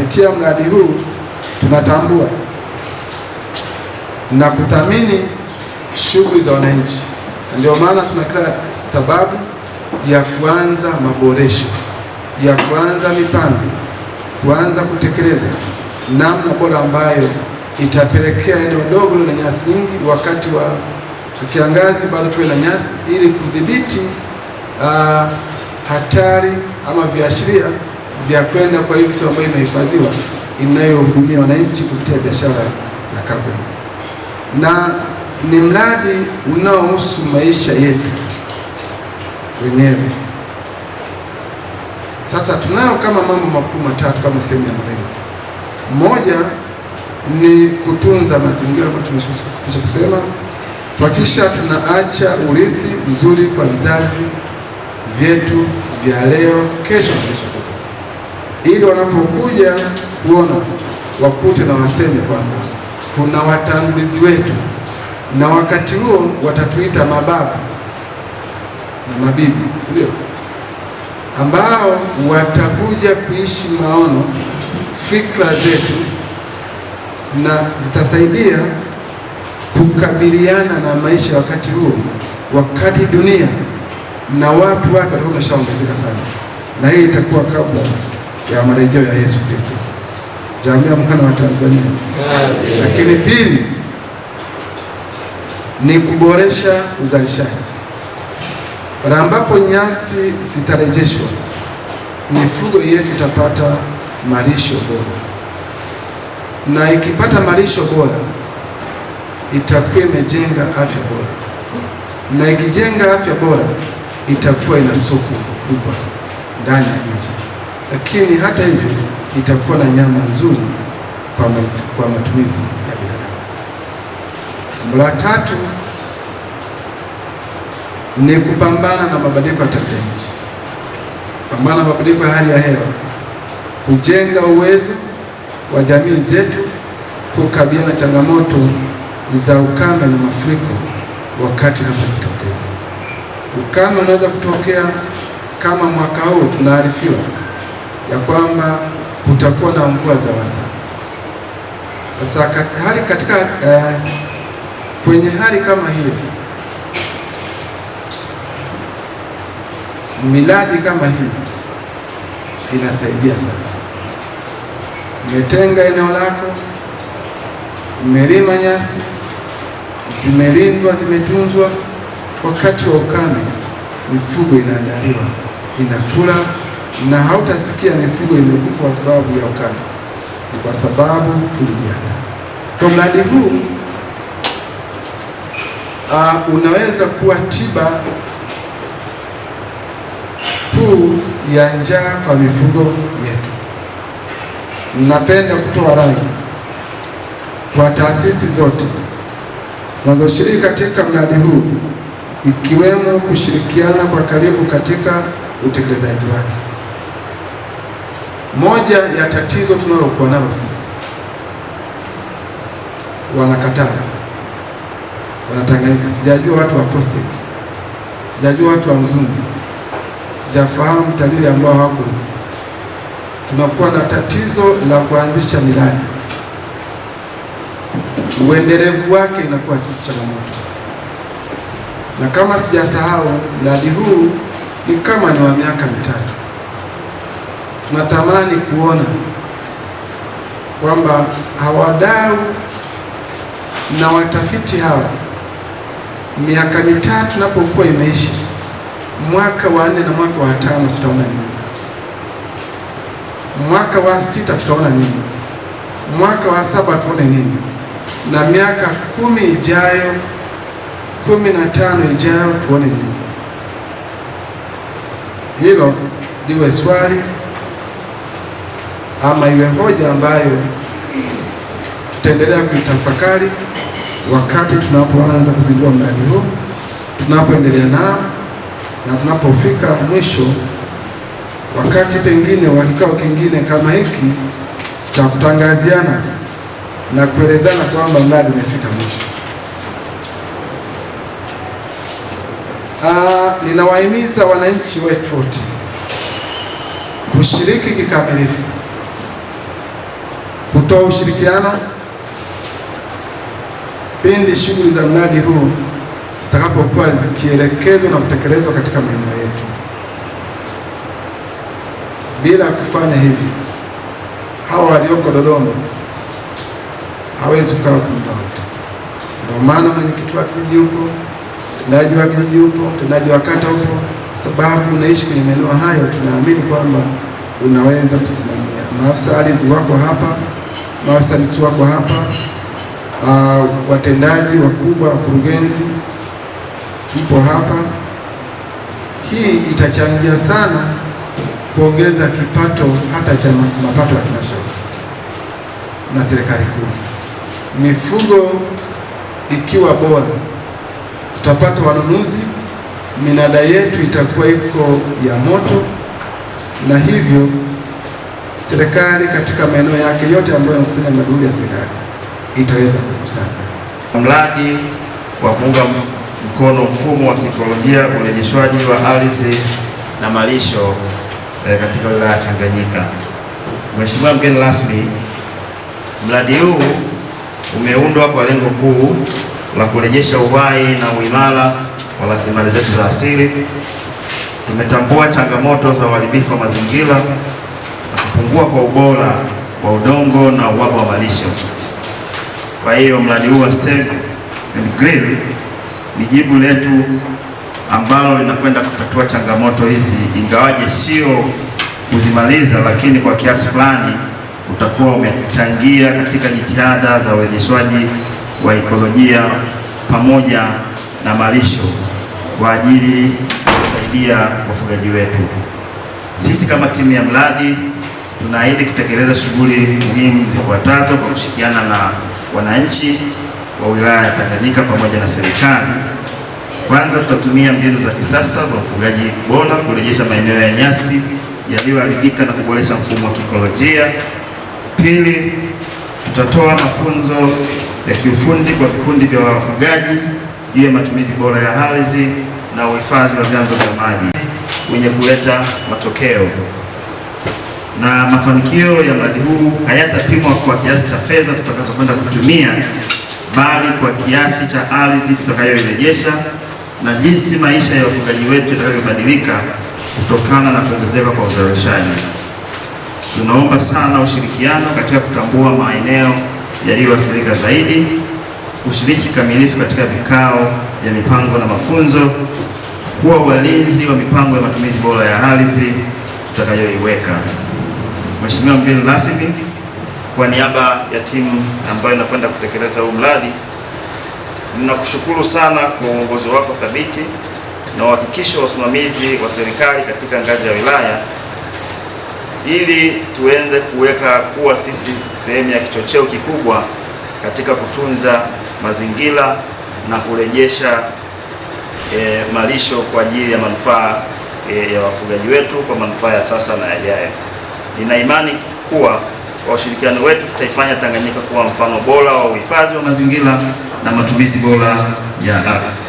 kupitia mradi huu tunatambua na kuthamini shughuli za wananchi, ndio maana tuna kila sababu ya kuanza maboresho ya kuanza mipango, kuanza kutekeleza namna bora ambayo itapelekea eneo dogo na nyasi nyingi wakati wa kiangazi bado tuwe na nyasi ili kudhibiti uh, hatari ama viashiria vya kwenda kwa hivi sasa ambayo imehifadhiwa inayohudumia wananchi kupitia biashara ya kabwe, na ni mradi unaohusu maisha yetu wenyewe. Sasa tunayo kama mambo makuu matatu kama sehemu ya malengo. Moja ni kutunza mazingira ambayo tumesha kusema, kuhakikisha tunaacha urithi mzuri kwa vizazi vyetu vya leo, kesho na kesho ili wanapokuja kuona wakute na waseme kwamba kuna watangulizi wetu, na wakati huo watatuita mababa na mabibi, si ndio? ambao watakuja kuishi maono fikra zetu na zitasaidia kukabiliana na maisha wakati huo, wakati dunia na watu wake watakuwa wameshaongezeka sana, na hii itakuwa kabla ya marejeo ya Yesu Kristo, jamii ya muungano wa Tanzania. Lakini pili ni kuboresha uzalishaji, pale ambapo nyasi zitarejeshwa, mifugo yetu itapata malisho bora, na ikipata malisho bora itakuwa imejenga afya bora, na ikijenga afya bora itakuwa ina soko kubwa ndani ya nchi lakini hata hivyo itakuwa na nyama nzuri kwa, kwa matumizi ya binadamu. Jambo la tatu ni kupambana na mabadiliko ya tabia nchi, kupambana na mabadiliko ya hali ya hewa, kujenga uwezo wa jamii zetu kukabiliana na changamoto za ukame na mafuriko wakati napojitokeza. Ukame unaweza kutokea kama mwaka huu tunaarifiwa ya kwamba kutakuwa na mvua za wastani. Sasa hali katika eh, kwenye hali kama hii miradi kama hii inasaidia sana. Umetenga eneo lako, umelima nyasi, zimelindwa, zimetunzwa. Wakati wa ukame, mifugo inaandaliwa, inakula na hautasikia mifugo imekufa kwa sababu ya ukame, ni kwa sababu tulijana. Kwa mradi huu uh, unaweza kuwa tiba kuu ya njaa kwa mifugo yetu. Napenda kutoa rai kwa taasisi zote zinazoshiriki katika mradi huu, ikiwemo kushirikiana kwa karibu katika utekelezaji wake. Moja ya tatizo tunalokuwa nalo sisi, wanakatala Wanatanganyika, sijajua watu wa Costek, sijajua watu wa Mzumbi, sijafahamu TAMIRI ambao hako. Tunakuwa na tatizo la kuanzisha miradi, uendelevu wake inakuwa changamoto, na kama sijasahau, mradi huu ni kama ni wa miaka mitatu tunatamani kuona kwamba hawadau na watafiti hawa miaka mitatu napokuwa imeishi mwaka wa nne na mwaka wa tano tutaona nini? Mwaka wa sita tutaona nini? Mwaka wa saba tuone nini? Na miaka kumi ijayo, kumi na tano ijayo tuone nini? Hilo liwe swali ama iwe hoja ambayo tutaendelea kuitafakari wakati tunapoanza kuzindua mradi huu, tunapoendelea nao na tunapofika mwisho, wakati pengine wa kikao kingine kama hiki cha kutangaziana na kuelezana kwamba mradi umefika mwisho. Ah, ninawahimiza wananchi wetu wote kushiriki kikamilifu kutoa ushirikiano pindi shughuli za mradi huu zitakapokuwa zikielekezwa na kutekelezwa katika maeneo yetu. Bila kufanya hivi, hawa walioko Dodoma hawezi kukaa kwa muda wote. Ndio maana mwenyekiti wa kijiji hupo, mtendaji wa kijiji hupo, mtendaji wa kata hupo, sababu unaishi kwenye maeneo hayo, tunaamini kwamba unaweza kusimamia. Maafisa ardhi wako hapa mawasalisti wako hapa, uh, watendaji wakubwa, wakurugenzi ipo hapa. Hii itachangia sana kuongeza kipato hata cha mapato ya halmashauri na serikali kuu. Mifugo ikiwa bora, tutapata wanunuzi, minada yetu itakuwa iko ya moto na hivyo serikali katika maeneo yake yote ambayo yanakusanya madudu ya serikali itaweza kukusanya. Mradi wa kuunga mkono mfumo wa kiikolojia urejeshwaji wa ardhi na malisho e, katika wilaya ya Tanganyika. Mheshimiwa mgeni rasmi, mradi huu umeundwa kwa lengo kuu la kurejesha uhai na uimara wa rasilimali zetu za asili. Tumetambua changamoto za uharibifu wa mazingira kupungua kwa ubora wa udongo na uwapo wa malisho. Kwa hiyo mradi huu wa Step and Grill ni jibu letu ambalo linakwenda kutatua changamoto hizi, ingawaje sio kuzimaliza, lakini kwa kiasi fulani utakuwa umechangia katika jitihada za urejeshwaji wa ekolojia pamoja na malisho kwa ajili ya kusaidia wafugaji wetu. Sisi kama timu ya mradi tunaahidi kutekeleza shughuli muhimu zifuatazo kwa kushirikiana na wananchi wa wilaya ya Tanganyika pamoja na serikali. Kwanza, tutatumia mbinu za kisasa za ufugaji bora kurejesha maeneo ya nyasi yaliyoharibika na kuboresha mfumo wa kiikolojia. Pili, tutatoa mafunzo ya kiufundi kwa vikundi vya wafugaji juu ya matumizi bora ya ardhi na uhifadhi wa vyanzo vya maji wenye kuleta matokeo na mafanikio ya mradi huu hayatapimwa kwa kiasi cha fedha tutakazokwenda kutumia, bali kwa kiasi cha ardhi tutakayoirejesha na jinsi maisha ya wafugaji wetu yatakavyobadilika kutokana na kuongezeka kwa uzalishaji. Tunaomba sana ushirikiano katika kutambua maeneo yaliyoathirika zaidi, kushiriki kamilifu katika vikao vya mipango na mafunzo, kuwa walinzi wa mipango ya matumizi bora ya ardhi tutakayoiweka. Mheshimiwa mgeni rasmi, kwa niaba ya timu ambayo inakwenda kutekeleza huu mradi, ninakushukuru sana kwa uongozi wako thabiti na uhakikisho wa usimamizi wa serikali katika ngazi ya wilaya, ili tuende kuweka kuwa sisi sehemu ya kichocheo kikubwa katika kutunza mazingira na kurejesha e, malisho kwa ajili ya manufaa e, ya wafugaji wetu kwa manufaa ya sasa na yajayo. Nina imani kuwa kwa ushirikiano wetu tutaifanya Tanganyika kuwa mfano bora wa uhifadhi wa mazingira na matumizi bora ya ardhi.